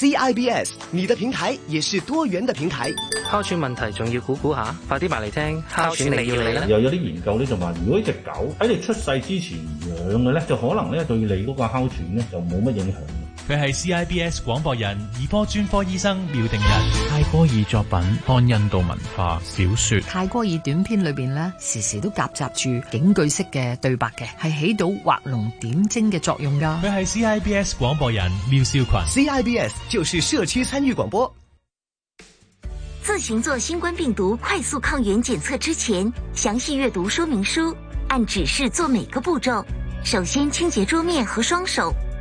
CIBS，你的平台也是多元的平台。哮喘問題仲要估估下，嗯、快啲埋嚟聽哮喘你要嚟啦。又有啲研究咧，就話如果呢隻狗喺你出世之前養嘅咧，就可能咧對你嗰個哮喘咧就冇乜影響。佢係 CIBS 廣播人，兒科專科醫生廖定仁。泰戈爾作品《看印度文化小說》。泰戈爾短片裏邊呢，時時都夾雜住警句式嘅對白嘅，係起到畫龍點睛嘅作用噶。佢係 CIBS 廣播人苗少群。CIBS 就是社區參與廣播。自行做新冠病毒快速抗原檢測之前，詳細閱讀說明書，按指示做每個步驟。首先清潔桌面和雙手。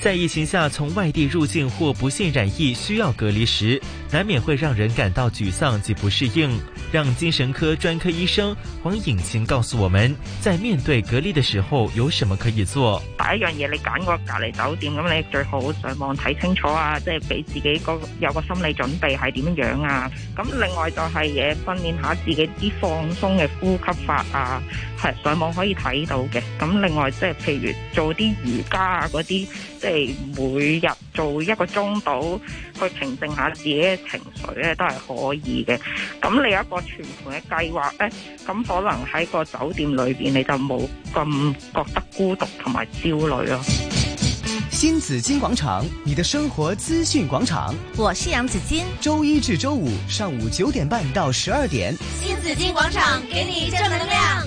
在疫情下，從外地入境或不幸染疫需要隔離時，難免會讓人感到沮喪及不適應。讓精神科專科醫生黃穎晴告訴我們，在面對隔離的時候，有什麼可以做？第一樣嘢，你揀個隔離酒店，咁你最好上網睇清楚啊，即係俾自己個有個心理準備係點樣啊。咁另外就係誒訓練下自己啲放鬆嘅呼吸法啊，係上網可以睇到嘅。咁另外即係譬如做啲瑜伽啊嗰啲。那些即係每日做一個鐘到去平靜下自己嘅情緒咧，都係可以嘅。咁你有一個全盤嘅計劃咧，咁可能喺個酒店裏邊你就冇咁覺得孤獨同埋焦慮咯。新紫荊廣場，你的生活資訊廣場，我是楊子矜。周一至周五上午九點半到十二點，新紫荊廣場給你正能量。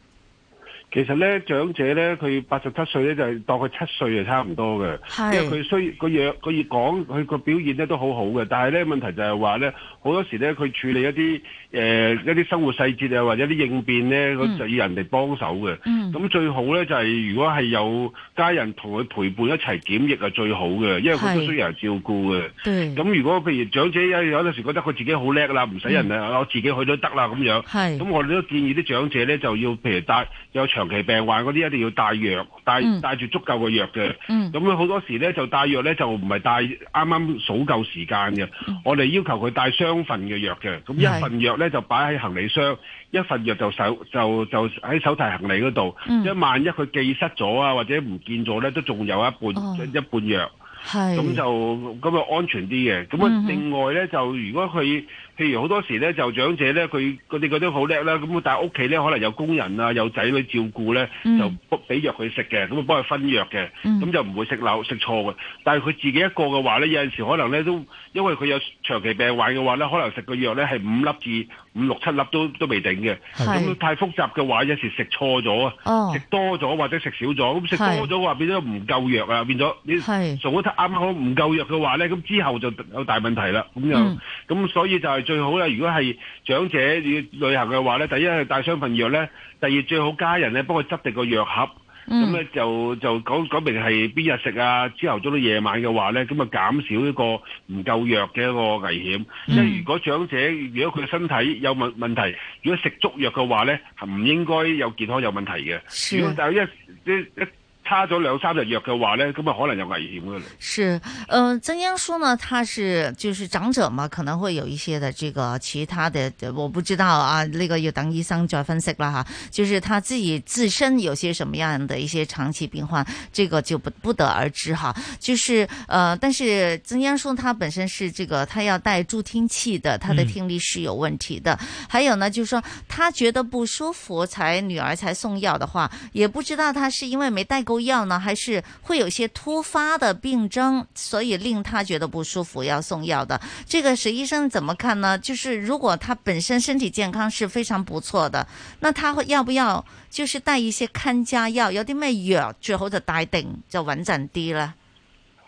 其實咧，長者咧，佢八十七歲咧，就係當佢七歲就差唔多嘅，因為佢需個樣佢要講佢個表現咧都好好嘅。但係咧，問題就係話咧，好多時咧佢處理一啲誒、呃、一啲生活細節啊，或者啲應變咧，佢、嗯、就要人哋幫手嘅。咁、嗯、最好咧就係、是、如果係有家人同佢陪伴一齊檢疫係最好嘅，因為佢都需要人照顧嘅。咁如果譬如長者有有陣時覺得佢自己好叻啦，唔使人哋、嗯，我自己去都得啦咁樣。咁我哋都建議啲長者咧就要譬如帶有長。長期病患嗰啲一定要帶藥，帶帶住足夠嘅藥嘅。咁、嗯、啊，好多時呢就帶藥呢，就唔係帶啱啱數夠時間嘅。我哋要求佢帶雙份嘅藥嘅，咁一份藥呢，就擺喺、嗯嗯、行李箱，一份藥就手就就喺手提行李嗰度。一、嗯、萬一佢寄失咗啊，或者唔見咗呢，都仲有一半、哦、一半藥，咁就咁就安全啲嘅。咁、嗯、啊，另外呢，就如果佢。譬如好多時咧，就長者咧，佢嗰啲嗰啲好叻啦，咁但係屋企咧可能有工人啊，有仔女照顧咧、嗯，就幫俾藥佢食嘅，咁啊幫佢分藥嘅，咁、嗯、就唔會食漏食錯嘅。但係佢自己一個嘅話咧，有陣時可能咧都因為佢有長期病患嘅話咧，可能食個藥咧係五粒至五六七粒都都未定嘅。咁太複雜嘅話，有時食錯咗啊，食、哦、多咗或者食少咗，咁食多咗話變咗唔夠藥啊，變咗你做啱啱好唔夠藥嘅話咧，咁之後就有大問題啦。咁咁、嗯、所以就係最好啦！如果係長者要旅行嘅話咧，第一係帶雙份藥咧，第二最好家人咧幫佢執定個藥盒，咁咧就就講講明係邊日食啊，朝頭早到夜晚嘅話咧，咁啊減少一個唔夠藥嘅一個危險。即係如果長者如果佢身體有問問題，如果食足藥嘅話咧，係唔應該有健康有問題嘅。是。就一一一。差咗兩三日藥嘅話呢，咁啊可能有危險嘞？是，嗯、呃、曾江叔呢，他是就是長者嘛，可能會有一些的這個其他的，我不知道啊，那、這個有等醫生再分析啦哈。就是他自己自身有些什麼樣的一些長期病患，這個就不不得而知哈。就是，呃，但是曾江叔他本身是這個，他要戴助聽器的，他的聽力是有問題的。嗯、還有呢，就是說他覺得不舒服，才女兒才送藥的話，也不知道他是因為沒帶夠。要呢還是會有些突發的病徵，所以令他覺得不舒服，要送藥的。這個佘醫生怎麼看呢？就是如果他本身身體健康是非常不錯的，那他會要不要就是帶一些看家藥，有啲咩藥最好就帶定就穩陣啲咧？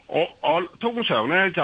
我我通常呢就誒、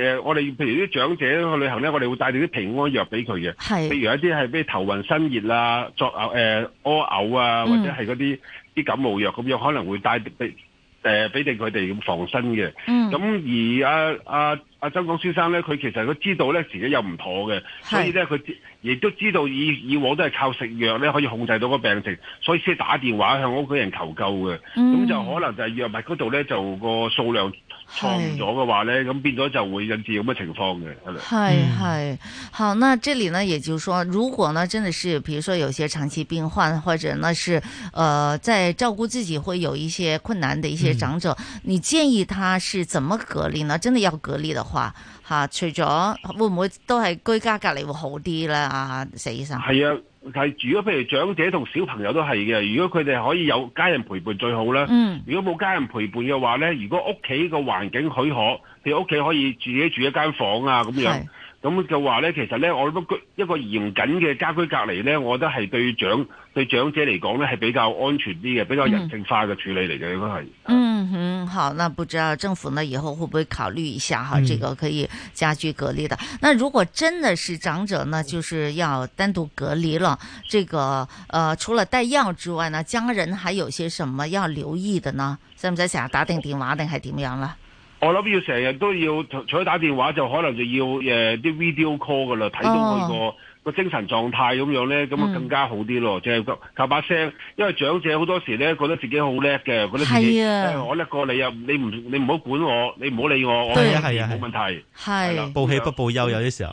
呃，我哋譬如啲長者去旅行咧，我哋會帶啲平安藥俾佢嘅。係，譬如一啲係咩頭暈身熱啊、作嘔誒、屙嘔啊，或者係嗰啲。啲感冒藥咁樣，可能會帶俾誒，俾定佢哋咁防身嘅。咁、嗯、而阿阿阿曾廣先生咧，佢其實佢知道咧自己有唔妥嘅，所以咧佢。亦都知道以以往都係靠食藥咧可以控制到個病情，所以先打電話向屋企人求救嘅。咁、嗯、就可能就係藥物嗰度咧就個數量錯誤咗嘅話咧，咁變咗就會引致咁嘅情況嘅。係係好，那這裏呢，也就是說，如果呢，真的是，比如說有些長期病患或者呢是，呃，在照顧自己會有一些困難的一些長者，嗯、你建議他是怎麼隔離呢？真的要隔離的話？吓、啊，除咗會唔會都係居家隔離會好啲咧？啊，佘醫生，係啊，係如果譬如長者同小朋友都係嘅，如果佢哋可以有家人陪伴最好啦。嗯，如果冇家人陪伴嘅話咧，如果屋企個環境許可，你屋企可以自己住一間房啊咁樣。係。咁就話咧，其實咧，我覺得一個嚴謹嘅家居隔離咧，我覺得係對長對長者嚟講咧，係比較安全啲嘅，比較人性化嘅處理嚟嘅，應該係。嗯哼、嗯，好，那不知道政府呢，以後會唔會考慮一下哈？這個可以家居隔離的、嗯。那如果真的是長者呢，就是要單獨隔離了，這個呃，除了帶藥之外呢，家人還有些什麼要留意的呢？使唔使成想打定電話定係點樣啦？嗯我諗要成日都要除咗打電話，就可能就要誒啲、呃、video call 噶啦，睇到佢，那個、哦、個精神狀態咁樣咧，咁啊更加好啲咯，就係靠把聲。因為長者好多時咧，覺得自己好叻嘅，覺得自己、啊呃、我叻過你又你唔你唔好管我，你唔好理我，我係冇問題。係報喜不報憂，啊，有啲時候。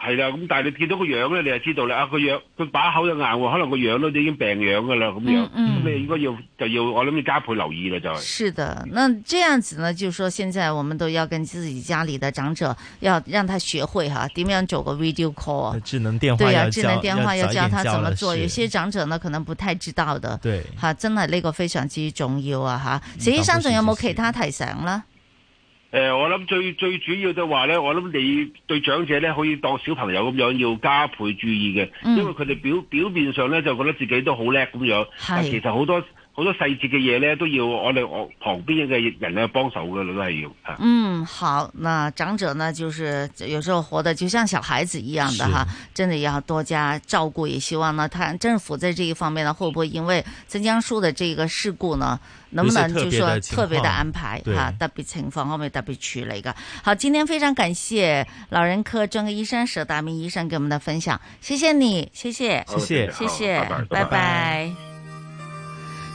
係啦，咁但係你見到個樣咧，你就知道啦。啊，個樣佢把口又硬喎，可能個樣都已經病樣噶啦咁樣。咁、嗯嗯、你應該要就要，我諗要加倍留意嚟著、就是。是的，那這樣子呢，就是、說現在我們都要跟自己家裡的長者要讓他學會哈、啊，點樣做個 video call、啊。智能電話對啊，智能電話要教他怎麼做。有些長者呢可能不太知道的。對。哈、啊，真的，呢個非常之重要啊！哈、啊，佘醫生仲有冇其他提醒啦？誒、呃，我諗最最主要就話咧，我諗你對長者咧可以當小朋友咁樣，要加倍注意嘅，嗯，因為佢哋表表面上咧就覺得自己都好叻咁樣，但其實好多。好多細節嘅嘢呢，都要我哋我旁邊嘅人去幫手嘅，都係要、啊。嗯，好，那長者呢，就是有時候活得就像小孩子一樣嘅哈，真的要多加照顧。也希望呢，他政府在這一方面呢，會不會因為曾江樹的這個事故呢，能不能別就是、說特別的安排哈、啊，特別情況，後面特別去了一個。好，今天非常感謝老人科專科醫生佘達明醫生給我們的分享，謝謝你，謝謝，謝謝，謝謝，謝謝拜拜。拜拜拜拜。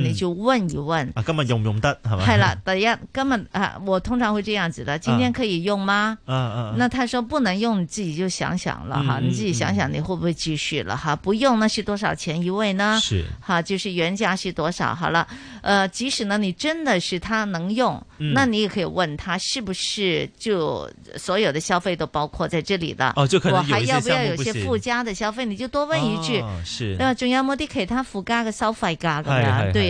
嗯、你就問一問啊，今日用唔用得係吧係啦，第一，今日啊，我通常會這樣子的。今天可以用嗎？啊嗯，那他說不能用，你自己就想想了、嗯、哈。你自己想想，你會不會繼續了、嗯嗯、哈？不用那是多少錢一位呢？是哈，就是原價是多少？好了，呃，即使呢，你真的是他能用，嗯、那你也可以問他是不是就所有的消費都包括在這裏的哦，就可能我還要不要有些不有些附加的消費？你就多問一句，哦、是。那麼，仲有冇啲其他附加嘅收費價咁啊？對。哎哎哎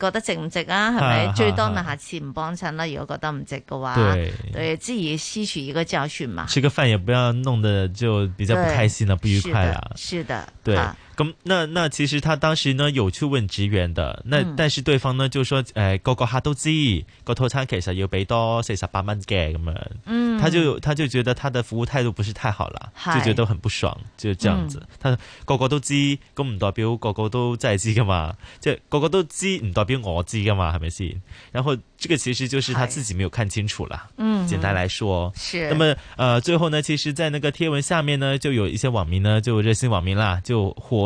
覺得值唔值啊？係咪、啊、最多咪下次唔幫襯啦？如果覺得唔值嘅話、啊對，對，自己吸取一個教訓嘛。吃個飯也不要弄得就比較不開心啦、啊，不愉快啊，是的，是的對。啊咁，那那其實他當時呢有去問職員的，那、嗯、但是對方呢就說誒、哎、個個哈都知個套餐，其實要俾多四十八蚊幾咁啊，嗯，他就他就覺得他的服務態度不是太好啦，就覺得很不爽，就這樣子，嗯、他個個都知，咁唔代表個個都在知噶嘛，即係個個都知唔代表我知噶嘛，係咪先？然後這個其實就是他自己沒有看清楚啦，嗯，簡單來說，嗯，是，那麼，呃，最後呢，其實，在那個貼文下面呢，就有一些網民呢，就熱心網民啦，就火。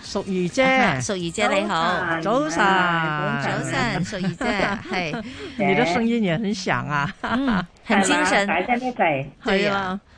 淑儀姐，淑、啊、儀姐你好，早晨，啊早晨，啊早晨啊，早晨，淑儀姐，係 ，你的聲音也很響啊，嗯、 很精神，大啊。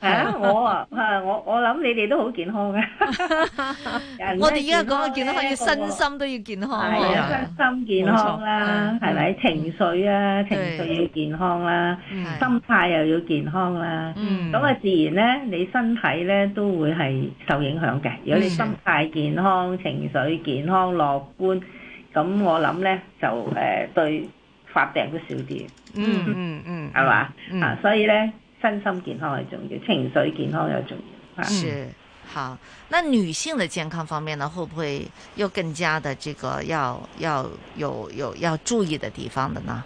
係啊，我啊，吓我我諗你哋都好健康嘅。我哋而家講嘅健康要身心都要健康。係啊，身心健康啦，係咪？情緒啊，情緒要健康啦，心態又要健康啦。咁啊，自然咧，你身體咧都會係受影響嘅。如果你心態健康、情緒健康、樂觀，咁我諗咧就誒對發病都少啲。嗯嗯嗯，係嘛？啊，所以咧。身心健康係重要，情緒健康又重要，嗯。係，好。那女性嘅健康方面呢，會唔會又更加的這個要要有有要，要，要注意的地方的呢？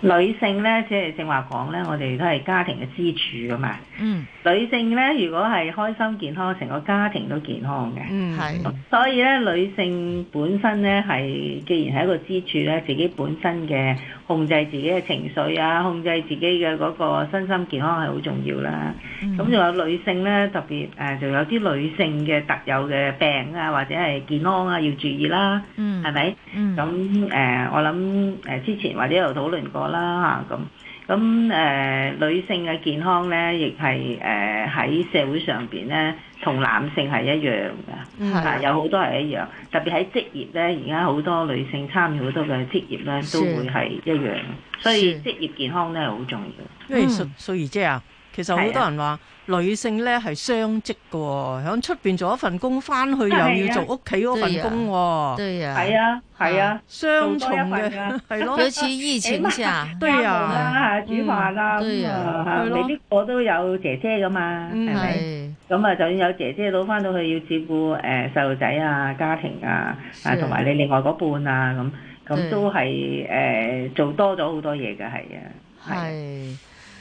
女性呢即係正，正話講呢我哋都係家庭嘅支柱㗎嘛。嗯。女性呢如果係開心健康，成個家庭都健康嘅。嗯，係。所以呢女性本身呢係，既然係一個支柱呢自己本身嘅。控制自己嘅情緒啊，控制自己嘅嗰個身心健康係好重要啦。咁、mm. 仲有女性咧，特別誒，仲、呃、有啲女性嘅特有嘅病啊，或者係健康啊，要注意啦。嗯、mm.，係、mm. 咪？嗯、呃，咁我諗、呃、之前或者有討論過啦吓咁。啊。咁誒、呃、女性嘅健康咧，亦係誒喺社會上邊咧，同男性係一樣嘅，啊有好多係一樣，特別喺職業咧，而家好多女性參與好多嘅職業咧，都會係一樣，所以職業健康咧係好重要。所以，所以姐啊。 其實好多人話女性咧係雙職嘅，響出邊做一份工，翻去又要做屋企嗰份工。對啊，係啊，係啊，雙重嘅，係咯，好似疫情下啊，對啊，煮飯啊，咁啊，你呢個都有姐姐噶嘛，係咪？咁啊，就算有姐姐到翻到去要照顧誒細路仔啊、家庭啊，啊，同埋你另外嗰半啊，咁咁都係誒做多咗好多嘢嘅，係啊，係。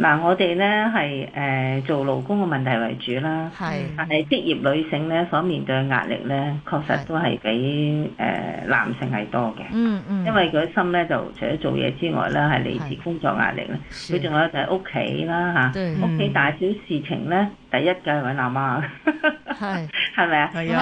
嗱、啊，我哋咧係誒做勞工嘅問題為主啦，但係職業女性咧所面對嘅壓力咧，確實都係比誒、呃、男性係多嘅。嗯嗯，因為佢心咧就除咗做嘢之外呢，係嚟自工作壓力咧，佢仲有就係屋企啦吓，屋企、啊、大小事情咧。嗯第一嘅揾阿媽，係係咪啊？係啊，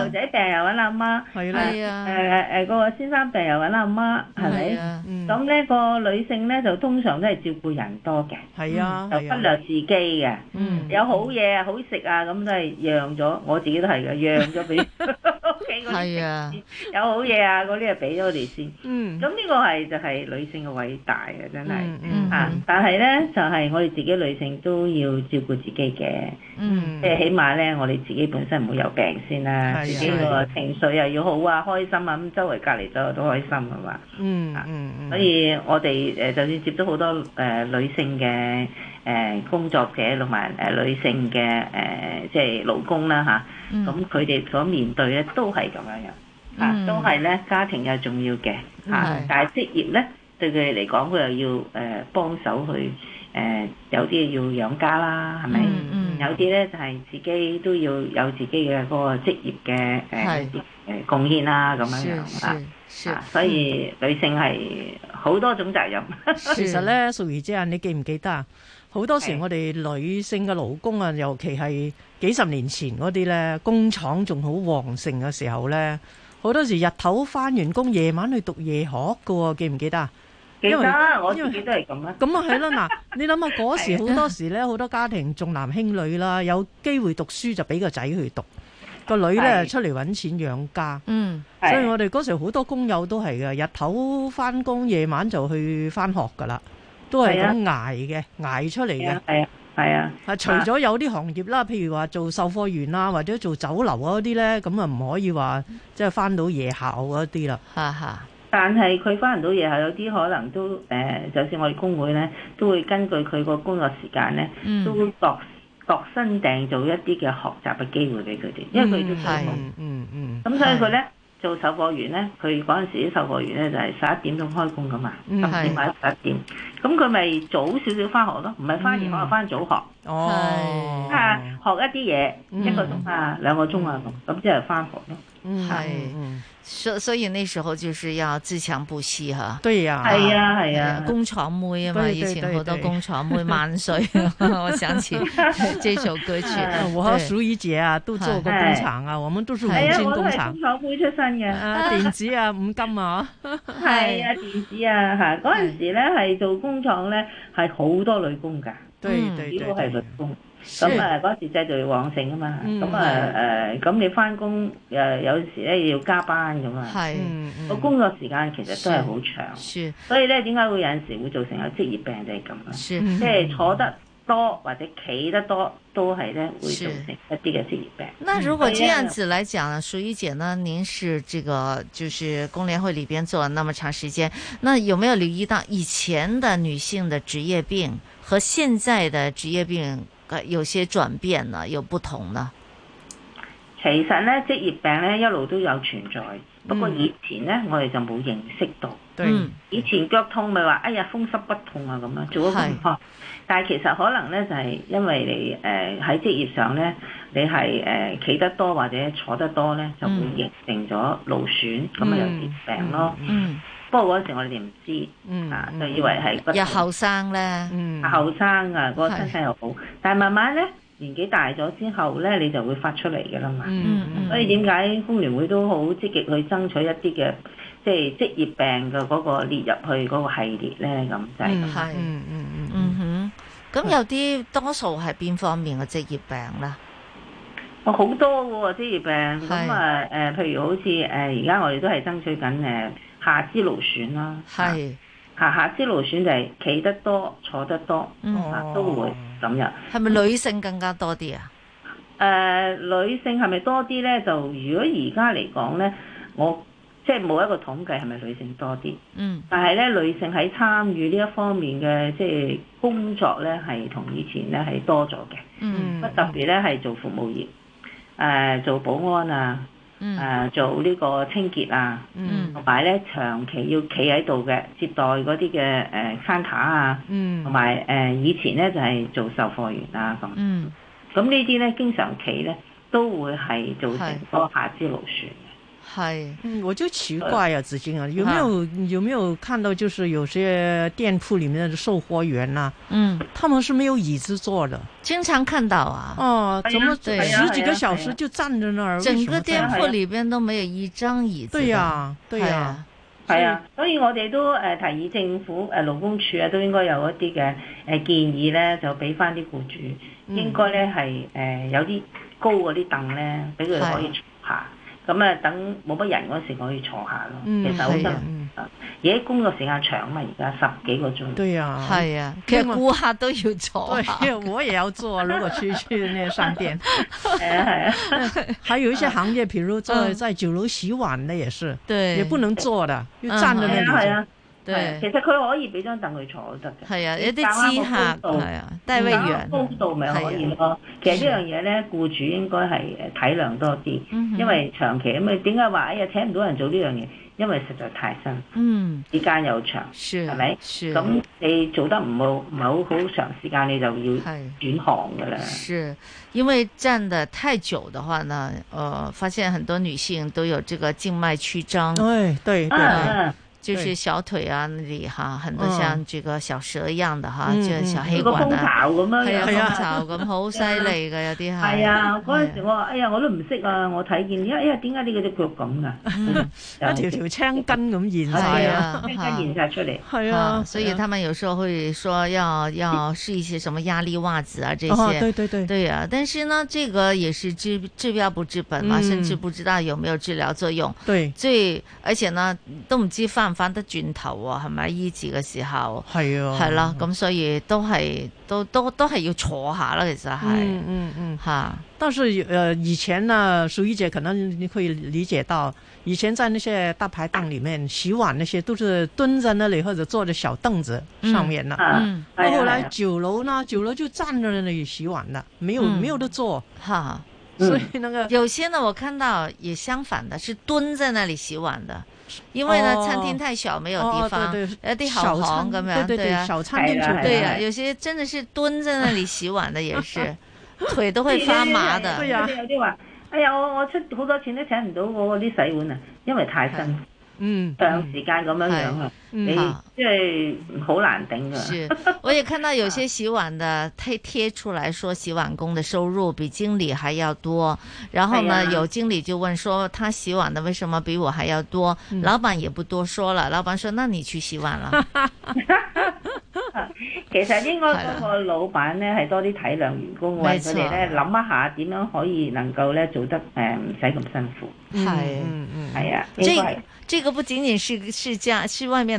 細路仔病又揾阿媽，係啊。誒誒誒，個先生病又揾阿媽，係咪啊？咁咧、啊啊個女性咧就通常都係照顧人多嘅，係啊，啊，就忽略自己嘅，嗯、啊啊，有好嘢好食啊，咁都係讓咗、嗯，我自己都係嘅，讓咗俾屋企嗰啲食先有好嘢啊，嗰啲啊俾咗我哋先。嗯，咁呢個係就係女性嘅偉大啊、嗯嗯、啊，真係。吓，但係咧就係、是、我哋自己女性都要照顧自己嘅。嗯，即係起碼咧，我哋自己本身唔會有病先啦，自己個情緒又要好啊，開心啊，咁周圍隔籬左右都開心啊嘛，嗯嗯、啊、所以我哋誒，就算接觸好多誒、呃、女性嘅誒、呃、工作者，同埋誒女性嘅誒、呃、即係勞工啦吓，咁佢哋所面對咧都係咁樣樣，吓、啊、都係咧家庭又重要嘅吓、啊嗯，但係職業咧對佢嚟講，佢又要誒幫手去誒、呃、有啲要養家啦，係咪？嗯嗯有啲咧就係自己都要有自己嘅嗰個職業嘅誒誒貢獻啦咁樣啦，嚇！所以女性係好多種責任。其實咧，淑儀姐啊，你記唔記得啊？好多時我哋女性嘅勞工啊，尤其係幾十年前嗰啲咧，工廠仲好旺盛嘅時候咧，好多時日頭返完工，夜晚去讀夜學㗎喎，記唔記得啊？因為得，因為我依家都係咁啊！咁啊係啦，嗱， 你諗下嗰時好多時咧，好多家庭重男輕女啦，有機會讀書就俾個仔去讀，個女咧出嚟揾錢養家。嗯，所以我哋嗰時好多工友都係嘅，日頭翻工，夜晚就去翻學噶啦，都係咁捱嘅，捱出嚟嘅。係啊，係啊。啊、嗯，除咗有啲行業啦，譬如話做售貨員啊，或者做酒樓嗰啲咧，咁啊唔可以話即係翻到夜校嗰啲啦。哈哈。但係佢翻唔到嘢，係有啲可能都誒、呃，就算我哋工會咧，都會根據佢個工作時間咧、嗯，都度度身訂做一啲嘅學習嘅機會俾佢哋，因為佢哋都做唔到嗯嗯咁、嗯、所以佢咧做售貨員咧，佢嗰陣時啲售貨員咧就係十一點鐘開工噶嘛，十、嗯、點或者十一點，咁佢咪早少少翻學咯？唔係翻完學又翻、嗯、早學。哦。啊，學一啲嘢、嗯、一個鐘啊，兩個鐘啊，咁咁即係翻學咯。嗯係、嗯，所以所以那時候就是要自強不息吓，對呀、啊，係啊係啊,啊，工廠妹啊嘛對對對對對，以前好多工廠妹，對對對對萬歲！ 我想起這首歌曲，我淑儀姐啊都做過工廠啊，我們都是五金工廠。是啊、我是工廠妹出身嘅，啊，電子啊，五 金啊，係啊, 啊，電子啊，吓嗰陣時咧係做工廠咧係好多女工噶，對對對。 咁、嗯、啊，嗰時制度又旺盛啊嘛，咁啊誒，咁、嗯嗯、你翻工誒有時咧要加班咁啊，個、嗯、工作時間其實都係好長，是是，所以咧點解會有陣時會造成有職業病，是這樣是就係咁啦，即係坐得多或者企得多都係咧會造成一啲嘅職業病、嗯。那如果這樣子來講，淑儀姐呢，您是這個就是工聯會裏邊做了那麼長時間，那有沒有留意到以前的女性的職業病和現在的職業病？有些轉變，有不同呢。其實咧，職業病咧一路都有存在，嗯、不過以前咧，我哋就冇認識到。對，以前腳痛咪話，哎呀風濕骨痛啊咁樣做嗰。但係其實可能咧，就係、是、因為你誒喺職業上咧，你係誒企得多或者坐得多咧，就會形成咗勞損，咁、嗯、咪有啲病咯。嗯嗯嗯不過嗰時我哋唔知，啊、嗯嗯、就以為係日後生咧，後生啊，個身體又好。但係慢慢咧，年紀大咗之後咧，你就會發出嚟嘅啦嘛、嗯嗯。所以點解工聯會都好積極去爭取一啲嘅，即、就、係、是、職業病嘅嗰個列入去嗰個系列咧咁就係、是嗯。嗯，嗯嗯嗯哼，咁有啲多數係邊方面嘅職業病咧？我、哦、好多喎、哦、職業病，咁啊誒，譬如好似誒，而、呃、家我哋都係爭取緊誒。呃下肢勞損啦，係下下肢勞損就係企得多，坐得多，嗯、都會咁樣。係咪女性更加多啲啊？誒、呃，女性係咪多啲咧？就如果而家嚟講咧，我即係冇一個統計係咪女性多啲。嗯。但係咧，女性喺參與呢一方面嘅即係工作咧，係同以前咧係多咗嘅、嗯嗯。嗯。特別咧，係做服務業，誒、呃，做保安啊。嗯，呃、做呢個清潔啊，嗯，同埋咧長期要企喺度嘅接待嗰啲嘅誒山塔啊，嗯，同埋誒以前咧就係、是、做售貨員啊咁，嗯，咁呢啲咧經常企咧都會係造成多下肢勞損。係，嗯，我就奇怪啊子矜啊，有沒有、啊、有沒有看到，就是有些店鋪裏面的售貨員啊嗯，他們是沒有椅子坐的，經常看到啊，哦，啊、怎麼對、啊啊啊、十幾個小時就站在那兒，兒、啊啊、整個店鋪裏邊都沒有一張椅子，對呀、啊，對呀、啊，係啊，啊，所以我哋都誒、呃、提議政府誒勞、呃、工處啊，都應該有一啲嘅誒建議咧，就俾翻啲僱主、嗯，應該咧係誒有啲高嗰啲凳咧，俾佢可以坐下。咁啊，等冇乜人嗰時，我可以坐下咯。嗯、其實好得，而家、啊嗯、工作時間長啊嘛，而家十幾個鍾。對啊。係、嗯、啊，其實顧客都要坐。對，我也要坐。如果出去， 去那個商店，係係。還有一些行業，譬如做在酒樓洗碗，那也是，對、 嗯，也不能坐的，又站着那種。 嗯對，對其實佢可以俾張凳佢坐得嘅。係啊，有啲姿客。係啊，但係高度咪可以咯、啊。其實樣呢樣嘢咧，僱主應該係誒體諒多啲、嗯，因為長期咁啊，點解話哎呀，請唔到人做呢樣嘢？因為實在太辛苦，嗯，時間又長，係咪？咁你做得唔好，唔係好好長時間，你就要轉行噶啦。是，是因為站得太久的話呢？誒，發現很多女性都有這個靜脈曲張。哎。對對對。啊啊就是小腿啊那裏哈，很多像這個小蛇一樣的哈、嗯，就小黑管的、嗯嗯嗯、個風樣啊，係、哎、啊，風巢咁好犀利嘅有啲哈。係啊，嗰陣、啊啊啊啊那個、時我話、哎：哎呀，我都唔識啊！我睇見，因為哎呀，點解呢個隻腳咁啊，有條條青筋咁現晒啊，青筋現晒出嚟，係 啊，啊，啊，啊，所以他們有時候會說要要試一些什麼壓力襪子啊這些啊。對對對對。對啊，但是呢，這個也是治治標不治本嘛、嗯，甚至不知道有沒有治療作用。對。所以而且呢，動機範。翻得轉頭啊、哦，係咪醫治嘅時候？係啊，係啦，咁所以都係，都都都係要坐下啦。其實係，嗯嗯嗯，吓、嗯嗯。但是，誒、呃，以前呢，淑儀姐可能你可以理解到，以前在那些大排檔裏面洗碗那些，都是蹲在那裏或者坐喺小凳子上面啦。嗯，嗯嗯後來、哎、酒樓呢，酒樓就站着喺度洗碗啦，沒有、嗯、沒有得坐。吓、嗯，所以那個有些呢，我看到也相反的，是蹲在那裏洗碗的。因為呢，餐廳太小，沒有地方、哦，有啲好床咁對對，啊、少餐廳煮對呀、啊啊啊啊啊啊，有些真的是蹲在那裏洗碗的也是，哈哈哈哈，腿都會發麻的。有啲話，哎呀，我我出好多錢都請唔到嗰啲洗碗啊，因為太辛苦、哎，嗯，長時間咁樣樣、嗯、啊。嗯，即係好難頂噶。是，我也看到有些洗碗的貼貼出來說洗碗工的收入比經理還要多。然後呢，啊、有經理就問說：他洗碗的為什麼比我還要多？嗯、老闆也不多說了，老闆說：那你去洗碗啦。 其實應該個老闆呢，係多啲體諒員工，為佢哋呢，諗一下點樣可以能夠呢做得誒唔使咁辛苦。係、嗯，嗯嗯，係、嗯、啊。這這個不僅僅是是家是外面。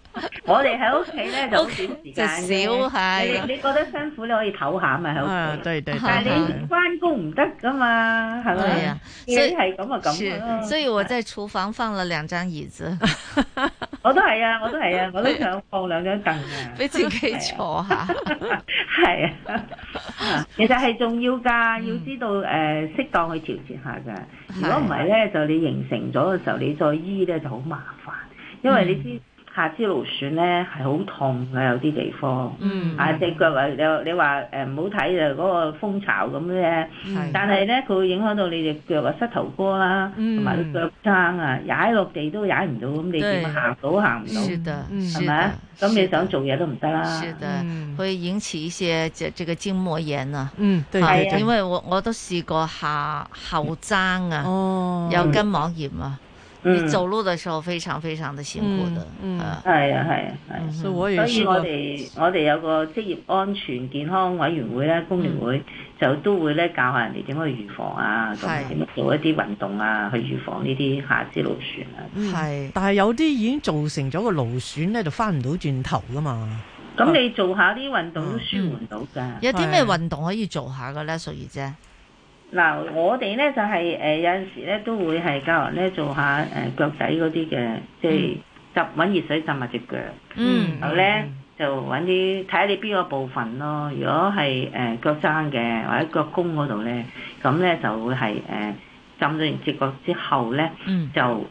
我哋喺屋企咧就好少，時間嘅，少、okay，吓。你、yeah。你覺得辛苦你可以唞下咪喺屋企。Uh，對，對，對，對，但係你翻工唔得噶嘛，係、uh，咪？啊、uh，所以係咁啊，咁所以我在廚房放了兩張椅子。 我都係啊，我都係啊，啊，我都想放兩張凳俾 自己坐下。係啊，其實係重要噶，要知道誒適、嗯、當去調節下噶。如果唔係咧，就你形成咗嘅時候，你再醫咧就好麻煩，因為你知。嗯下肢勞損咧係好痛嘅，有啲地方。嗯，啊隻腳啊，你你話誒唔好睇就嗰個蜂巢咁啫。但係咧佢會影響到你隻腳啊、膝頭哥啦，同埋腳踭啊，踩落地都踩唔到，咁你點行到行唔到？是係咪啊？咁、嗯、你想做嘢都唔得啦。係會引起一些即係這，這個筋膜炎啊。嗯，係啊，因為我我都試過下後踭啊，哦、有筋膜炎啊。嗯你走路的時候非常非常的辛苦的，嗯係啊係、嗯、啊係、啊啊啊啊，所以我哋、啊、我哋有個職業安全健康委員會咧、嗯，工聯會就都會咧教下人哋點去預防啊，咁樣、啊、做一啲運動啊，去預防呢啲下肢勞損啊。係、啊啊啊，但係有啲已經造成咗個勞損咧，就翻唔到轉頭噶嘛。咁你做下啲運動都舒緩到噶。有啲咩運動可以做下噶咧，淑儀姐？嗱，我哋咧就係、是、誒、呃、有陣時咧都會係教人咧做下誒、呃、腳底嗰啲嘅，即係浸揾熱水浸下隻腳嗯，嗯，然後咧、嗯、就揾啲睇下你邊個部分咯。如果係誒、呃、腳踭嘅或者腳弓嗰度咧，咁咧就會係誒浸咗完隻腳之後咧、嗯，就誒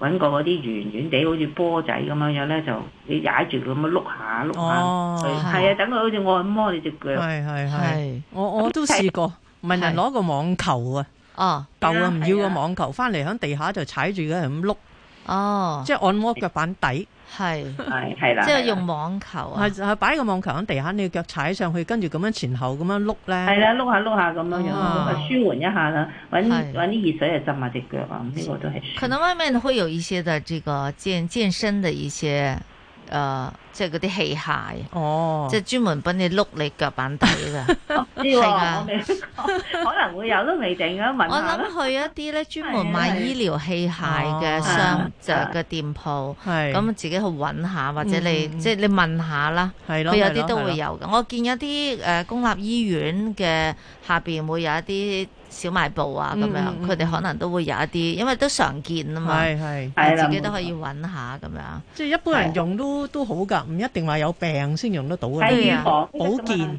揾個嗰啲圓圓哋，好似波仔咁樣樣咧，就你踩住咁樣碌下碌下，哦，係啊，等佢好似按摩你隻腳，係係係，我我都試過。問人攞個網球啊，哦，舊啊，唔要個網球翻嚟喺地下就踩住佢咁碌，哦，即係按摩腳板底，係係係啦，即 係、即係、用網球、啊，係係擺個網球喺地下，你腳踩上去，跟住咁樣前後咁樣碌咧，係啦碌下碌下咁樣樣，咁啊舒緩一下啦，搵啲啲熱水嚟浸下隻腳啊，呢個都係。可能外面會有一些嘅，呢個健健身嘅一些。誒、呃，即係嗰啲器械，哦、即係專門幫你碌你腳板底噶、哦，知啊可能會有都未定啊。我諗去一啲咧，專門賣醫療器械嘅商場嘅店鋪咁自己去揾下，或者你、嗯、即係你問一下啦，係咯，有啲都會有嘅。我見有一啲誒公立醫院嘅下邊會有一啲。小賣部啊，咁樣佢哋、嗯、可能都會有一啲，因為都常見啊嘛，係係係，自己都可以揾下咁樣。即係一般人用都都好㗎，唔一定話有病先用得到㗎。係啊，保健。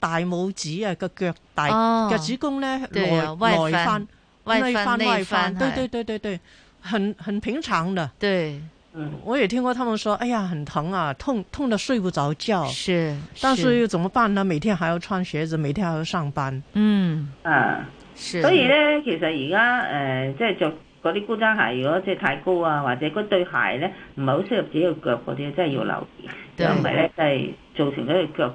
大拇指啊個腳大腳趾，哦、公咧來翻，啊，內翻外翻，對對對對對，很很平常的。對，嗯，我也聽過他們說，哎呀，很疼啊，痛痛得睡不着覺。是，但是又怎麼辦呢？每天還要穿鞋子，每天還要上班。嗯，是啊，所以咧，其實而家誒，即係着嗰啲高踭鞋，如果即係太高啊，或者嗰對鞋咧唔係好適合自己個腳嗰啲，真係要留意，因為咧即係造成咗個腳。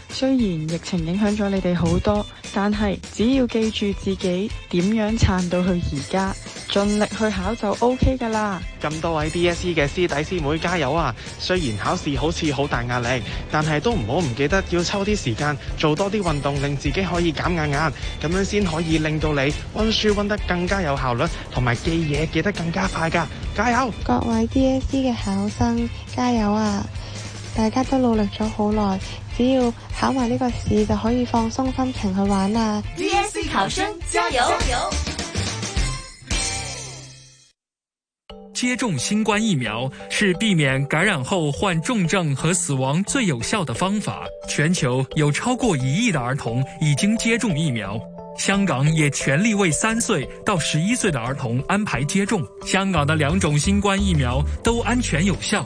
雖然疫情影響咗你哋好多，但係只要記住自己點樣撐到去而家，盡力去考就 OK 噶啦。咁多位 DSE 嘅師弟師妹加油啊！雖然考試好似好大壓力，但係都唔好唔記得要抽啲時間做多啲運動，令自己可以減壓壓，咁樣先可以令到你溫書溫得更加有效率，同埋記嘢記得更加快噶。加油，各位 DSE 嘅考生，加油啊！大家都努力咗好耐，只要考埋呢個試就可以放鬆心情去玩啦！DSE 考生加油加油！接種新冠疫苗是避免感染後患重症和死亡最有效的方法。全球有超過一億的兒童已經接種疫苗，香港也全力為三歲到十一歲的兒童安排接種。香港的兩種新冠疫苗都安全有效。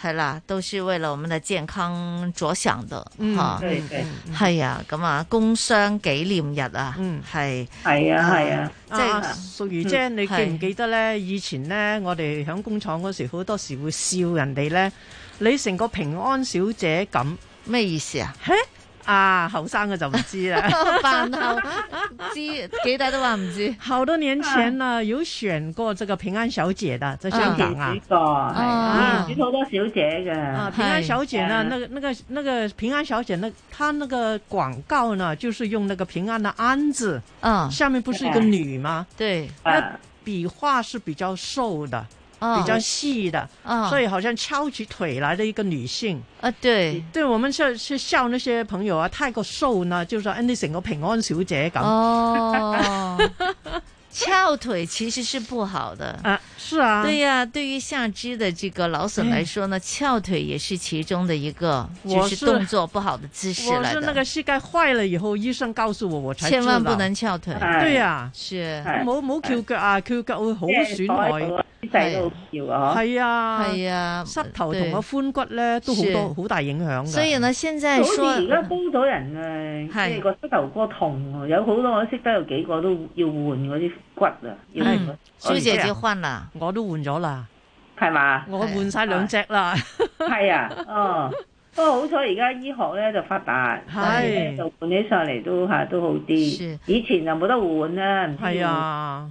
係啦，都是為了我們的健康着想的，吓、嗯，係啊，咁、嗯、啊，嗯、工傷紀念日啊，嗯，係，係啊，係、嗯、啊，即係淑儀姐，嗯、你記唔記得咧？以前咧，我哋響工廠嗰時，好多時會笑人哋咧，你成個平安小姐咁，咩意思啊？啊，後生嘅，怎麼知啦？後生知幾大都話唔知。好多年前呢，有選過這個平安小姐的，在香港啊，係、嗯、啊，選好多小姐的啊，平安小姐呢、嗯？那個、那個、那個平安小姐，呢他那個廣告呢，就是用那個平安的安字，啊、嗯、下面不是一個女嗎？對，他筆畫是比較瘦的。哦、比較細的、哦，所以好像翹起腿來的一個女性啊，對，對我們是是笑那些朋友啊，太過瘦呢，就說你成個平安小姐咁。哦，翹 腿其實是不好的。啊，是啊。對呀，對於下肢的這個勞損來說呢，翹、哎、腿也是其中的一個，就是動作不好的姿勢來的我。我是那個膝蓋壞了以後，醫生告訴我，我才千萬不能翹腿、哎。對呀，是，冇冇翹腳啊，翹腳會好損腿。啲細路啊！係啊，係啊，膝頭同個髖骨咧都好多好大影響嘅。所以我先真係，所以而家煲咗人誒，即係個膝頭哥痛，有好多我識得有幾個都要換嗰啲骨啊。嗯，舒、啊、小姐，姐換啦，我都換咗啦，係嘛？我換晒兩隻啦，係啊， 哦。不過好彩而家醫學咧就發達，係就換起上嚟都吓都好啲。以前就冇得換啦，係啊。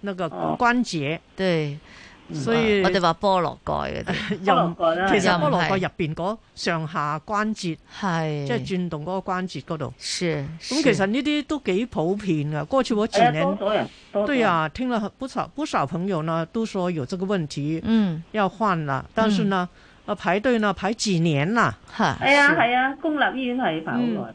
那個關節、哦，對，所以我哋話菠蘿蓋嘅，其實菠蘿蓋入邊嗰上下關節係，即係轉動嗰個關節嗰度。咁其實呢啲都幾普遍噶，過去我幾年，哎、呀多人多人對呀、啊，聽了不少不少朋友呢都說有這個問題，嗯，要換了，但是呢，啊、嗯、排隊呢排幾年啦，係、哎，呀，啊係啊，公立醫院係排好耐。嗯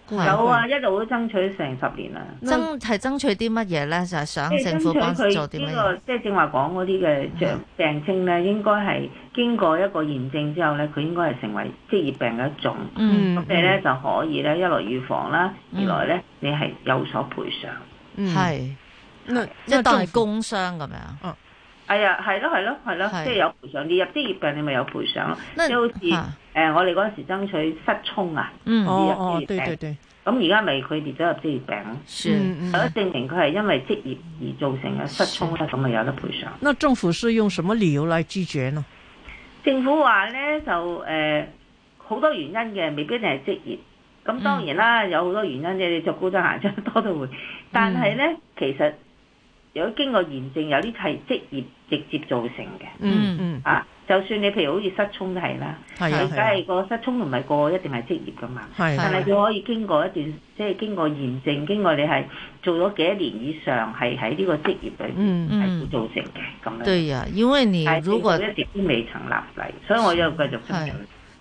有啊，一路都爭取成十年啦。爭、嗯、係爭取啲乜嘢咧？就係、是、想，政府幫助點樣？即係爭取佢呢、這個，即係正話講嗰啲嘅病症稱咧，應該係經過一個驗證之後咧，佢應該係成為職業病嘅一種。嗯，咁你咧、嗯、就可以咧，一來預防啦，嗯、二來咧你係有所賠償。嗯，係，即係當係工傷咁樣。哦，係、哎、啊，係咯，係咯，係咯，即係、就是、有賠償啲入職業病，你咪有賠償咯。即好似。啊誒、呃，我哋嗰時爭取失聰啊，呢一啲誒，咁而家咪佢跌咗入職業病，有、哦、得、哦嗯嗯嗯、證明佢係因為職業而造成嘅失聰咧、啊，咁咪有得賠償。那政府是用什麼理由來拒絕呢？政府話呢就誒、好、呃、多原因嘅，未必淨係職業。咁當然啦，嗯、有好多原因即係嘅，你着高踭鞋着得多都會。但係呢、嗯，其實有經過驗證，有啲係職業直接造成嘅。嗯嗯啊。就算你譬如好似失聰都係啦，係梗係個失聰唔係、那個是、啊、一定係職業噶嘛，係、啊、但係佢可以經過一段，即、就、係、是、經過驗證，經過你係做咗幾年以上，係喺呢個職業裏面係造成嘅咁、嗯嗯、樣。對啊，因為你如果一直都未曾立例，所以我又繼續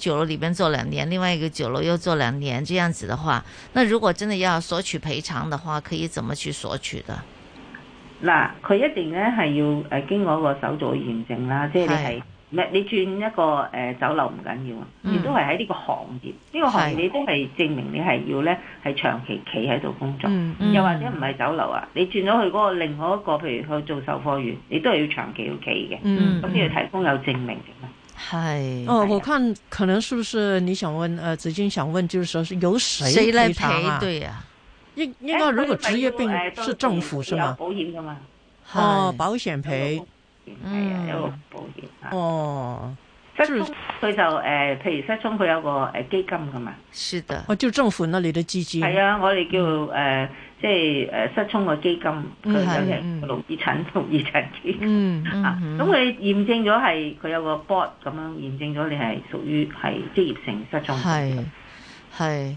酒樓裏邊做兩年，另外一個酒樓又做兩年，這樣子的話，那如果真的要索取賠償的話，可以怎麼去索取的？嗱，佢一定咧係要誒經過一個手續驗證啦，即係你係唔係你轉一個誒、呃、酒樓唔緊要，亦、嗯、都係喺呢個行業，呢、這個行業你都係證明你係要咧係長期企喺度工作、嗯嗯，又或者唔係酒樓啊，你轉咗去個另外一個，譬如去做售貨員，你都係要長期要企嘅，咁、嗯、你、嗯、要提供有證明係哦、哎，我看可能是不是你想問？誒、呃，子矜想問，就是說是由誰、啊、誰來賠？對呀，應應該如果職業病是政府、哎、是嗎？保險噶嘛？哦，保險賠，係啊，有保險、嗯哎、有保險。哦，失聰佢就誒，譬如失聰佢有個誒基金噶嘛？是的，哦，就政府那裏的基金。係啊，我哋叫誒。即係誒失聰嘅基金，佢有人勞資診同二診基金，啊，咁、嗯、佢、嗯 嗯嗯、驗證咗係佢有個 board 咁樣驗證咗你係屬於係職業性失聰嘅，係。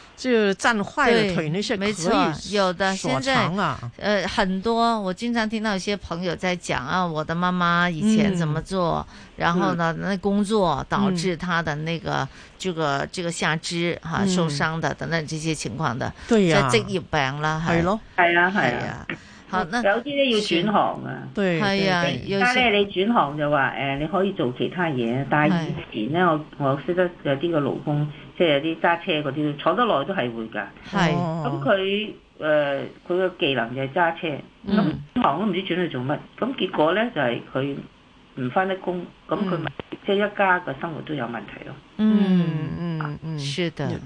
就站壞咗腿，對那些，沒錯，有的，現在、啊，呃，很多，我經常聽到一些朋友在講啊，我的媽媽以前怎麼做，嗯、然後呢、嗯，那工作導致她的那個，這、嗯、個，這個下肢哈、啊、受傷的，的，等、嗯、等這些情況的，對啊，職業病啦，係咯，係啊，係啊，好。那有啲咧要轉行啊，係啊對對對對，但係咧你轉行就話，誒、呃，你可以做其他嘢，但係以前呢，我我識得有啲個勞工。即係啲揸車嗰啲，坐得耐都係會㗎。係，咁佢誒佢嘅技能就係揸車，咁、嗯、行都唔知轉去做乜。咁結果咧就係佢唔返得工，咁佢咪即係一家嘅生活都有問題咯。嗯嗯嗯，是的。嗯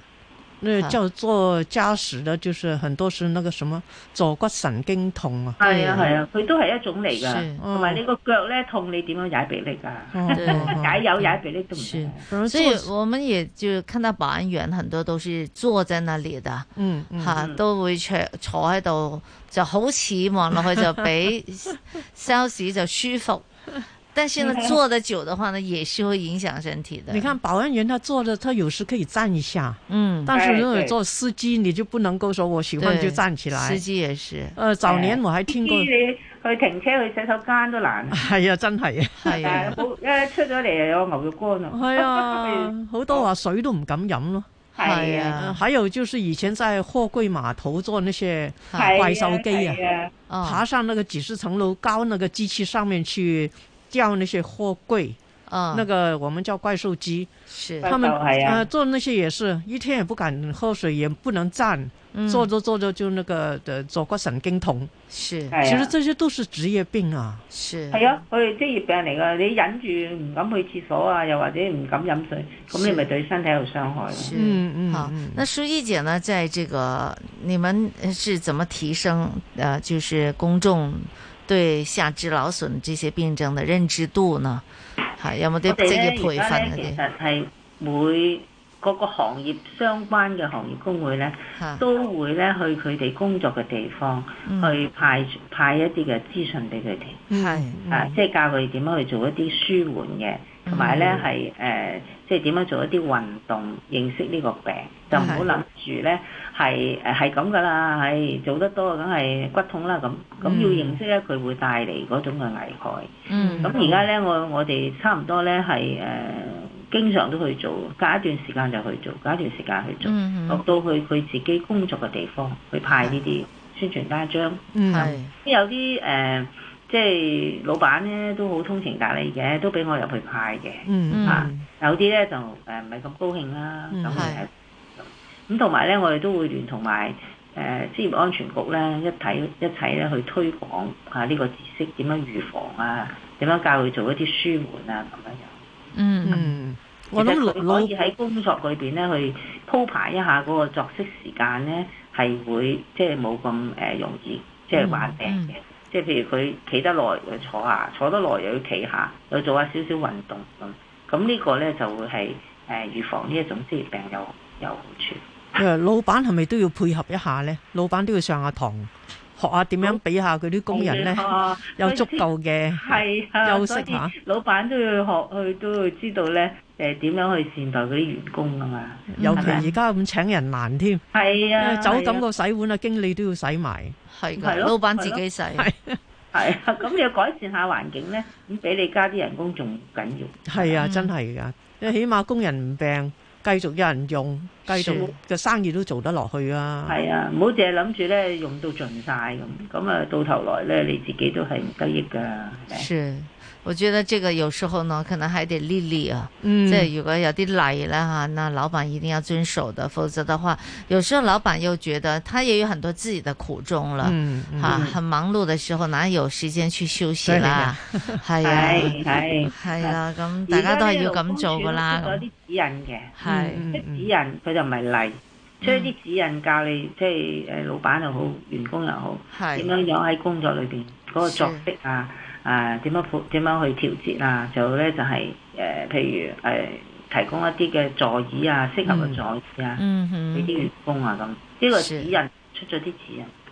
那叫做駕駛的，就是很多是那個什麼坐骨神經痛啊。係啊係啊，佢、嗯啊、都係一種嚟噶，同埋、嗯、你個腳咧痛，你點樣踩迫力噶？踩、嗯嗯嗯、 油踩迫力都唔算。所以我們也就看到保安員很多都是坐在那裏的，嗯，吓、嗯啊、都會坐坐喺度，就好似望落去就比 sales 就舒服。 但現在坐得久的話呢，也是會影響身體的。你看保安員他坐着，他有時可以站一下。嗯，但是如果做司機，你就不能夠說我喜歡就站起來。司機也是。呃，早年我還聽過。啊、司機你去停車去洗手間都難。係、哎、啊，真係啊。係啊。好，因為出咗嚟又有牛肉乾、哎 哎、啊。係、哦、啊，好多話水都唔敢飲咯。係啊。還有就是以前在貨櫃碼頭做那些怪獸機啊，啊，啊，啊，爬上那個幾十層樓高那個機器上面去。叫那些貨櫃，啊，那個我們叫怪獸機，是他們、就是呃是啊、做那些也是一天也不敢喝水，也不能站，嗯、做着做着就那個的坐骨神經痛，是,是、啊，其實這些都是職業病啊，是，係啊，我係職業病嚟噶，你忍住唔敢去廁所啊，又或者唔敢飲水，咁你咪對身體有傷害咯、啊，嗯嗯好嗯。那淑儀姐呢，在這個你們是怎麼提升呃，就是公眾？對下肢勞損這些病症的認知度呢？好，有冇啲職業培訓？其實係每嗰個行業相關嘅行業工會呢，都會呢去佢哋工作嘅地方、嗯、去派派一啲嘅資訊俾佢哋，係啊，嗯、即係教佢哋點樣去做一啲舒緩嘅。同埋咧，係誒、呃，即係點樣做一啲運動，認識呢個病，就唔好諗住咧係誒係咁噶啦，係做得多梗係骨痛啦咁。咁要認識咧，佢會帶嚟嗰種嘅危害。嗯。咁而家咧，我我哋差唔多咧係誒，經常都去做，隔一段時間就去做，隔一段時間去做。落、mm -hmm. 到去佢自己工作嘅地方，去派呢啲宣傳單張。嗯、mm -hmm.。Mm -hmm. 有啲誒。呃即係老闆咧都好通情達理嘅，都俾我入去派嘅。嗯、mm、嗯 -hmm. 啊。有啲咧就誒唔係咁高興啦、啊。嗯、mm -hmm. 就是。咁同埋咧，我哋都會聯同埋誒職業安全局咧一睇一齊咧去推廣呢、啊這個知識，點樣預防啊，點樣教佢做一啲舒緩啊咁樣樣。嗯、mm、嗯 -hmm. 啊，我諗可以喺工作裏邊咧去鋪排一下嗰個作息時間咧，係會即係冇咁誒容易即係患病嘅。Mm -hmm. 即係譬如佢企得耐又要坐下，坐得耐又要企下，又做下少少運動咁。咁呢個咧就會係誒預防呢一種職業病有有好處。誒，老闆係咪都要配合一下咧？老闆都要上下堂，學下點樣俾下佢啲工人咧有足夠嘅休息嚇。嗯啊啊、老闆都要學，去都要知道咧誒點樣去善待嗰啲員工㗎嘛。尤其而家咁請人難添，係啊，啊，走咁個洗碗啊，經理都要洗埋。係，老闆自己使，係啊，咁 要改善下環境咧，咁俾你加啲人工仲緊要。係啊，真係噶，因為起碼工人唔病，繼續有人用，繼續就生意都做得落去啊。係啊，唔好淨係諗住咧用到盡曬咁，咁啊到頭來咧你自己都係唔得益噶。係。我覺得這個有時候呢，可能還得利利啊，即、嗯、係如果有啲例咧哈，那老闆一定要遵守的，否則的話，有時候老闆又覺得他也有很多自己的苦衷啦，嗯，嗯啊，很忙碌的時候，哪有時間去休息啦？係係係啦，咁大家都係要咁做噶啦。做咗啲指引嘅，係、嗯嗯、指引佢就唔係例，即係啲指引，就是、嗯、指引就教你，即係誒老闆又好，員工又好，點樣有喺工作裏邊嗰個作息啊？啊，點樣點樣去調節啊？就咧就係、是、誒，呃，譬如，誒，呃，提供一啲嘅座椅啊，適合嘅座椅啊，俾啲員工啊咁。嗯，呢個指引出咗啲指引。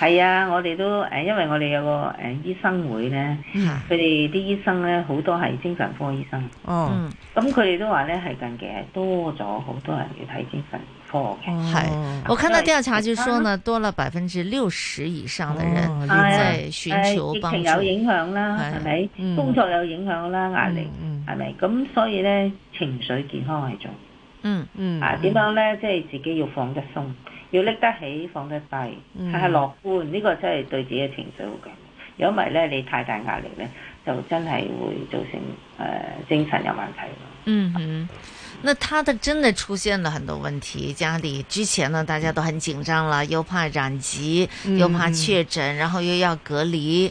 係啊，我哋都誒、呃，因為我哋有個誒、呃、醫生會咧，佢哋啲醫生咧好多係精神科醫生。哦，咁佢哋都話咧係近期係多咗好多人要睇精神科。嘅、哦。係。我看到調查就說呢，嗯、多了百分之六十以上嘅人係尋求幫助。哦哦啊呃、疫情有影響啦，係咪、啊？工作有影響啦，嗯、壓力係咪？咁、嗯嗯、所以咧，情緒健康係重要。嗯嗯。啊，點樣咧、嗯？即係自己要放得鬆。要拎得起放得低，係係樂觀，呢、嗯這個真係對自己嘅情緒好緊要。如果唔係咧，你太大壓力咧，就真係會造成誒、呃、精神有問題。嗯嗯，那他的真的出現了很多問題，家裏之前呢大家都很緊張啦，又怕染疫，又怕確診，然後又要隔離。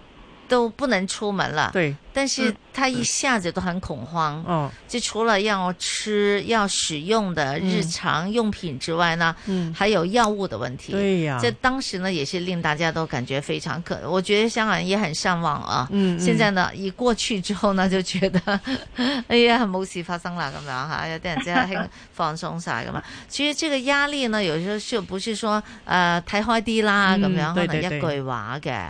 都不能出門了，對，但是他一下子都很恐慌，哦、嗯，就除了要吃、嗯、要使用的日常用品之外呢，嗯，還有藥物的問題，對呀，這當時呢也是令大家都感覺非常可，我覺得香港人也很向往啊，嗯，現在呢，一過去之後呢就覺得，哎、嗯、呀，冇事發生啦，咁樣哈，有啲人即刻輕鬆晒咁啊，其實這個壓力呢，有時候是不是說呃睇開啲啦，咁、嗯、樣可能一句話嘅。對對對。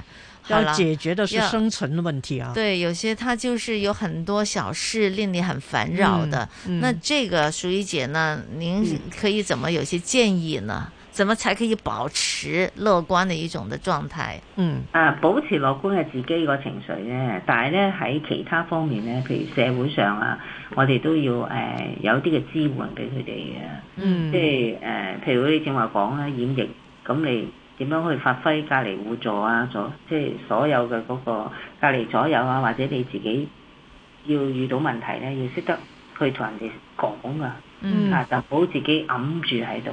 要解決的是生存的問題啊！對，有些他就是有很多小事令你很煩擾的。那這個秀珠姐呢，您可以怎麼有些建議呢？怎麼才可以保持樂觀的一種的狀態？嗯啊，保持樂觀嘅自己個情緒呢？但係咧喺其他方面咧，譬如社會上啊，我哋都要誒有啲嘅支援俾佢哋嘅。嗯，即係誒，譬如你正話講啦，演繹咁你。點樣去發揮隔離互助啊？即係所有嘅嗰個隔離左右啊，或者你自己要遇到問題咧，要識得去同人哋講、mm. 啊，就唔好自己揞住喺度。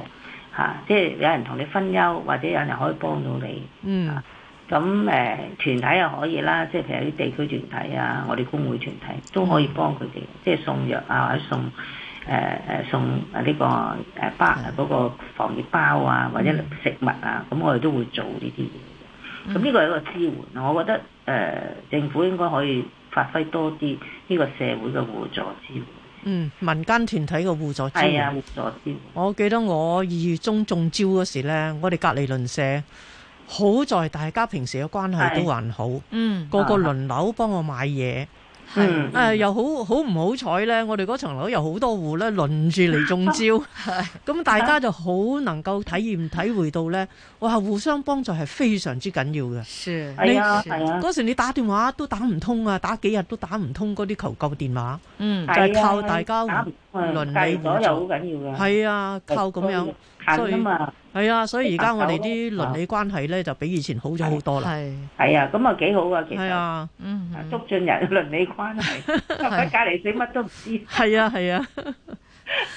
即係有人同你分憂，或者有人可以幫到你咁、mm. 啊呃、團體又可以啦，即係譬如啲地區團體啊，我哋工會團體都可以幫佢哋，mm. 即係送藥啊，或者送。誒、呃、誒送啊，呢個誒包啊，嗰個防疫包啊，或者食物啊，咁我哋都會做呢啲嘢。咁呢個係一個支援，我覺得誒、呃、政府應該可以發揮多啲呢個社會嘅互助支援。嗯，民間團體嘅互助支援。係啊，互助支援。我記得我二月中中招嗰時咧，我哋隔離鄰舍，好在大家平時嘅關係都還好，嗯，個個輪流幫我買嘢。係，誒、呃嗯、又好好唔好彩咧。我哋嗰層樓有好多戶咧，輪住嚟中招，咁、啊 嗯、大家就好能夠體驗體會到咧，哇！互相幫助係非常之緊要嘅。是，係啊，係啊。嗰時你打電話都打唔通啊，打幾日都打唔通嗰啲求救電話，嗯，就係、是、靠大家鄰里互助，好緊要嘅，係啊，靠咁樣。所以係啊，所以而家我哋啲鄰里關係咧就比以前好咗好多啦。係係啊，咁啊幾好啊，其實係啊，嗯嗯，促進人鄰里關係，隔籬死乜都唔知。係啊係啊，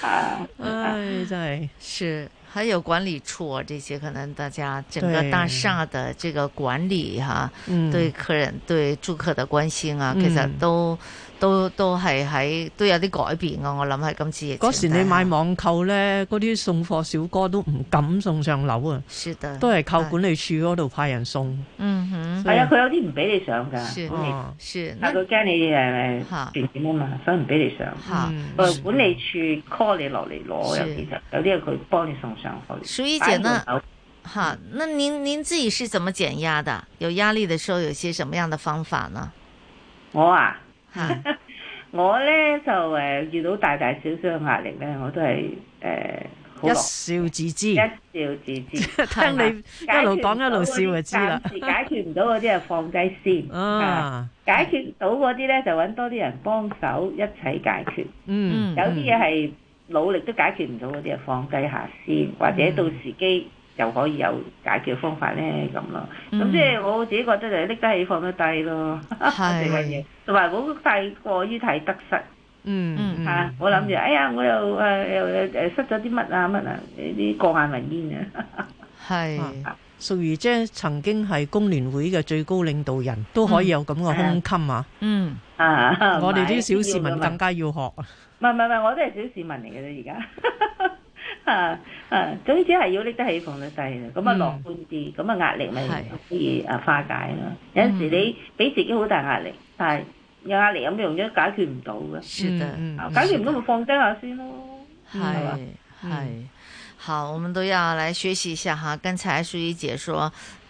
唉真係是，還有管理處啊，這些可能大家整個大廈的這個管理哈、啊，對客人對住客的關心啊，其實都，都都係喺都有啲改變啊。我諗係今次嗰時你買網購咧，嗰、嗯、啲送貨小哥都唔敢送上樓啊，都係靠管理處嗰度派人送。嗯哼，係啊，佢有啲唔俾你上噶，算，是的。但佢驚你誒吓亂點啊嘛，所以唔俾你上。嗯，管理處 call 你落嚟攞，有啲就有啲佢幫你送上去。所以姐呢，那好，那您您自己是怎麼減壓的？有壓力的時候，有些什麼樣的方法呢？我啊。 我呢就誒、呃、遇到大大小小嘅壓力呢，我都係誒好一笑置之。一笑置之。 聽你一路講一路笑就知啦。 暫時解決唔到嗰啲啊，放低先，解決到嗰啲呢，就揾多啲人幫手一齊解決。嗯，嗯有啲嘢係努力都解決唔到嗰啲啊，放低下先、嗯，或者到時機。又可以有解決方法咧，咁咯，咁即係我自己覺得就拎得起放得低咯，呢樣嘢同埋唔好太過於睇得失。嗯嗯嗯，我諗住，哎呀，我又誒誒誒失咗啲乜啊乜啊？呢啲過眼雲煙啊。係，淑儀姐曾經係工聯會嘅最高領導人，都可以有咁嘅胸襟啊。嗯啊，我哋啲小市民更加要學。唔係，唔係，我都係小市民嚟嘅啫，而家。 啊啊，總之係要拎得起放得低嘅，咁啊樂觀啲，咁啊壓力咪可以啊化解咯。有陣時你俾自己好大壓力，係、嗯、有壓力有咩用？都解決唔到嘅，是的、嗯、解決唔到咪放低下先咯。係係、嗯，好，我們都要來學習一下哈。剛才淑儀姐說。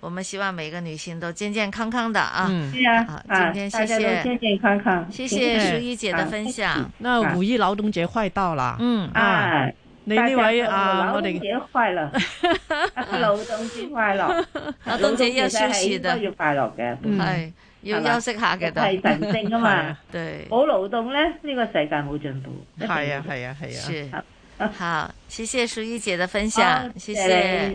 我們希望每個女性都健健康康的啊！嗯，是啊，啊，今天謝謝，啊、大家都健健康康，謝謝淑儀姐的分享。那五一勞動節快到了，嗯啊，你呢位啊，我哋勞動節快樂、啊，勞動節快樂，啊勞動節快樂啊、勞動節要休息都要快樂嘅，係、嗯嗯哎、要休息下嘅都係神聖啊嘛，對，冇勞動咧，呢個世界冇進步。係啊係啊係啊，是好、啊啊，好，啊、謝謝淑儀姐的分享，啊、謝謝。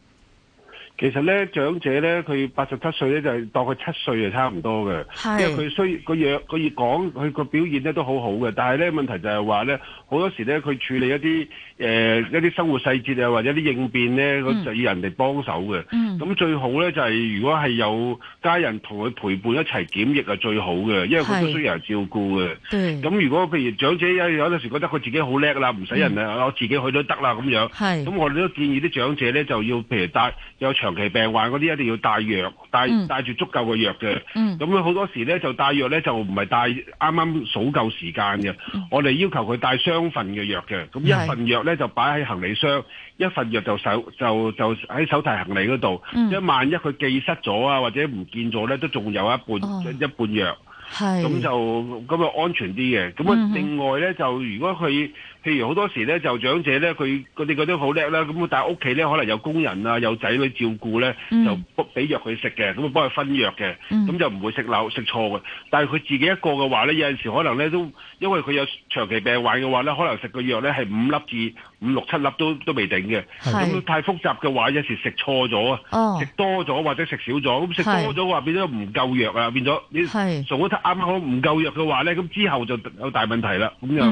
其實咧，長者咧，佢八十七歲咧，就當佢七歲就差唔多嘅，因為佢雖然個樣，佢要講佢個表現咧都好好嘅。但係咧，問題就係話咧，好多時咧佢處理一啲誒、呃、一啲生活細節啊，或者啲應變咧，佢、嗯、就要人哋幫手嘅。咁、嗯、最好咧就係、是、如果係有家人同佢陪伴一齊檢疫係、嗯、最好嘅，因為佢都需要人照顧嘅。咁如果譬如長者有有陣時覺得佢自己好叻啦，唔使人哋、嗯、我自己去都得啦咁樣。咁我哋都建議啲長者咧就要譬如帶有長長期病患嗰啲一定要帶藥，帶帶住足夠嘅藥嘅。咁佢好多時呢，就帶藥呢，就唔係帶啱啱數夠時間嘅，嗯。我哋要求佢帶雙份嘅藥嘅，咁一份藥呢，就擺喺行李箱，嗯，一份藥就手就就喺手提行李嗰度。一，嗯，萬一佢寄失咗啊，或者唔見咗呢，都仲有一半一，哦，一半藥。係，咁就咁就安全啲嘅。咁、嗯、啊，另外咧就如果佢，譬如好多時咧就長者咧，佢嗰啲嗰啲好叻啦。咁但係屋企咧可能有工人啊，有仔女照顧咧、嗯，就俾藥佢食嘅，咁啊幫佢分藥嘅，咁、嗯、就唔會食漏食錯嘅。但係佢自己一個嘅話咧，有陣時可能咧都因為佢有長期病患嘅話咧，可能食個藥咧係五粒至。五六七粒都都未定嘅，咁太複雜嘅話，有時食錯咗啊，食、哦、多咗或者食少咗，咁食錯咗話變咗唔夠藥啊，變咗你做啱啱好唔夠藥嘅話咧，咁之後就有大問題啦，咁又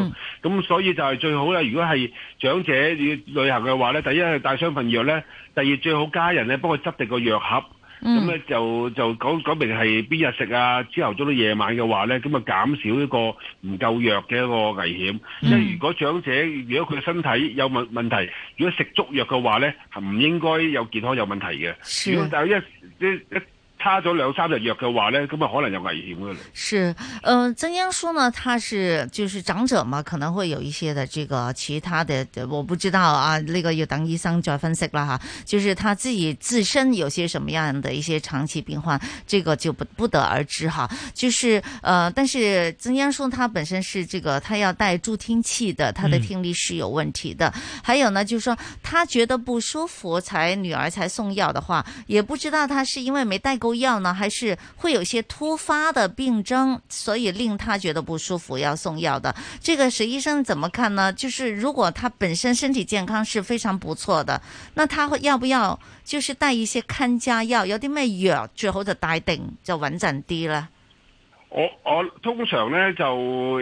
咁所以就係最好啦。如果係長者要旅行嘅話咧，第一係帶雙份藥咧，第二最好家人咧幫佢執定個藥盒。咁咧就就講講明係邊日食啊，朝頭早到夜晚嘅話咧，咁啊減少一個唔夠藥嘅一個危險。因為如果長者如果佢身體有問問題，如果食足藥嘅話咧，係唔應該有健康有問題嘅。但係一一一。差咗兩三日藥嘅話呢，咁啊可能有危險嘅。是，嗯、呃，曾江叔呢，他是就是長者嘛，可能會有一些的這個其他的，我不知道啊，那、這個有等醫生再分析啦哈。就是他自己自身有些什麼樣的一些長期病患，這個就不不得而知哈。就是，呃，但是曾江叔他本身是這個，他要戴助聽器的，他的聽力是有問題的。嗯、還有呢，就是說他覺得不舒服，才女兒才送藥的話，也不知道他是因為沒帶夠。要呢，還是會有些突發的病徵，所以令他覺得不舒服，要送藥的。這個佘醫生怎麼看呢？就是如果他本身身體健康是非常不錯的，那他會要不要就是帶一些看家藥，有啲咩藥最好就帶定就穩陣啲咧？我我通常呢就誒、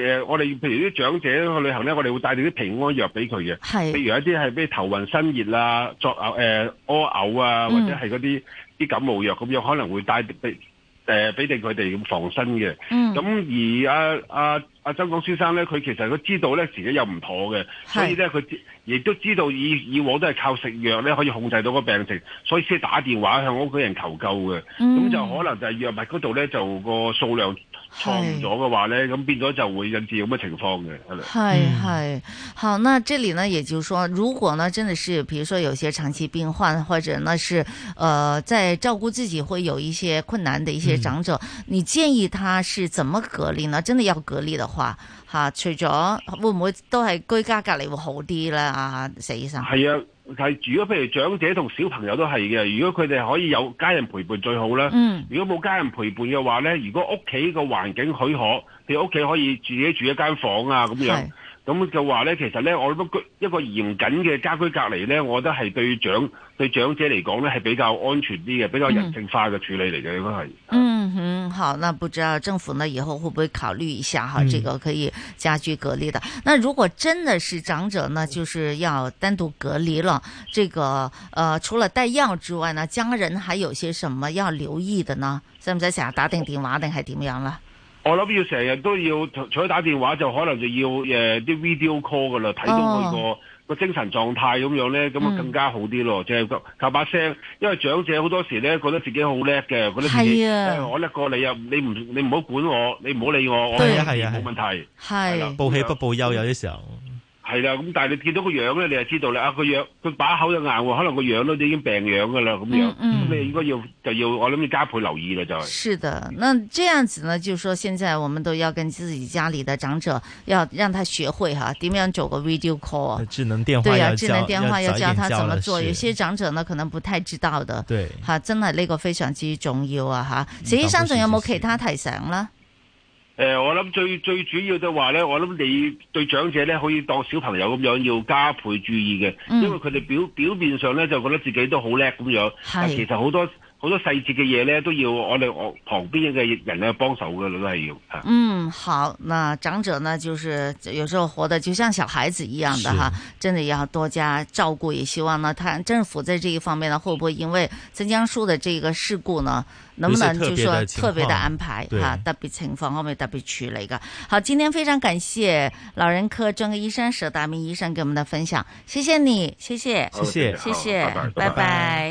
呃，我哋譬如啲長者去旅行咧，我哋會帶啲平安藥俾佢嘅，係，譬如一啲係咩頭暈身熱啊、作嘔誒、屙嘔啊，或者係嗰啲。啲感冒藥咁樣可能會帶俾誒俾定佢哋防身嘅。咁、嗯、而阿阿阿曾光先生咧，佢其實佢知道咧自己有唔妥嘅，所以咧佢，亦都知道以以往都係靠食藥咧可以控制到個病情，所以先打電話向屋企人求救嘅。咁、嗯、就可能就係藥物嗰度咧就個數量錯誤咗嘅話咧，咁變咗就會引致咁嘅情況嘅。係咪？係係好，那這裏呢，也就是說，如果呢，真的是，比如說有些長期病患或者呢是，呃，在照顧自己會有一些困難的一些長者，嗯、你建議他是怎麼隔離呢？真的要隔離的話？吓、啊，除咗會唔會都係居家隔離會好啲咧？啊，佘醫生係啊，係如果譬如長者同小朋友都係嘅，如果佢哋可以有家人陪伴最好啦。嗯，如果冇家人陪伴嘅話咧，如果屋企個環境許可，你屋企可以自己住一間房啊，咁樣。咁就話咧，其實咧，我覺得一個嚴謹嘅家居隔離咧，我覺得係對長對長者嚟講咧，係比較安全啲嘅，比較人性化嘅處理嚟嘅，應該係。嗯哼、嗯，好，那不知道政府呢，以後會唔會考慮一下哈？這個可以家居隔離的、嗯。那如果真的是長者呢，就是要單獨隔離了，這個呃，除了帶藥之外呢，家人還有些什麼要留意的呢？使唔使在想打定電話定係點樣啦？哦我諗要成日都要除咗打電話，就可能就要誒啲、呃、video call 噶啦，睇到佢、那個個、哦、精神狀態咁樣咧，咁啊更加好啲咯、嗯。就係、是、靠把聲，因為長者好多時咧覺得自己好叻嘅，覺得自己、啊、我叻過你啊，你唔你唔好管我，你唔好理我，我係啊冇問題。係啦，報喜不報憂，有啲時候。係啦，咁但係你見到個樣咧，你就知道啦。啊，個樣佢把口又硬喎，可能個樣都已經病樣噶啦，咁樣咁、嗯嗯、你應該要就要我諗你加倍留意啦，就係、是。是的，那這樣子呢，就說現在我們都要跟自己家裏的長者要讓他學會哈、啊，點樣做個 video call。智能電話。對啊，智能電話要教他怎麼做，有些長者呢可能不太知道的。對，哈，真的呢個非常之重要啊，哈。佘醫生仲有冇其他提醒呢？誒、呃，我諗最最主要就話咧，我諗你對長者咧，可以當小朋友咁樣，要加倍注意嘅、嗯，因為佢哋表表面上咧就覺得自己都好叻咁樣，但其實好多，好多細節嘅嘢咧，都要我哋我旁邊嘅人啊幫手嘅，都係要、啊。嗯，好，那長者呢，就是有時候活得就像小孩子一樣嘅哈，真的要多加照顧。也希望呢，他政府在這一方面呢，會不會因為曾江樹的這個事故呢，能不能就說，說特別的、的安排哈、啊？特別情況，我哋特別處理一個。好，今天非常感謝老人科專科醫生佘達明醫生給我們的分享，謝謝你，謝謝，謝謝，謝謝，謝謝拜拜。拜拜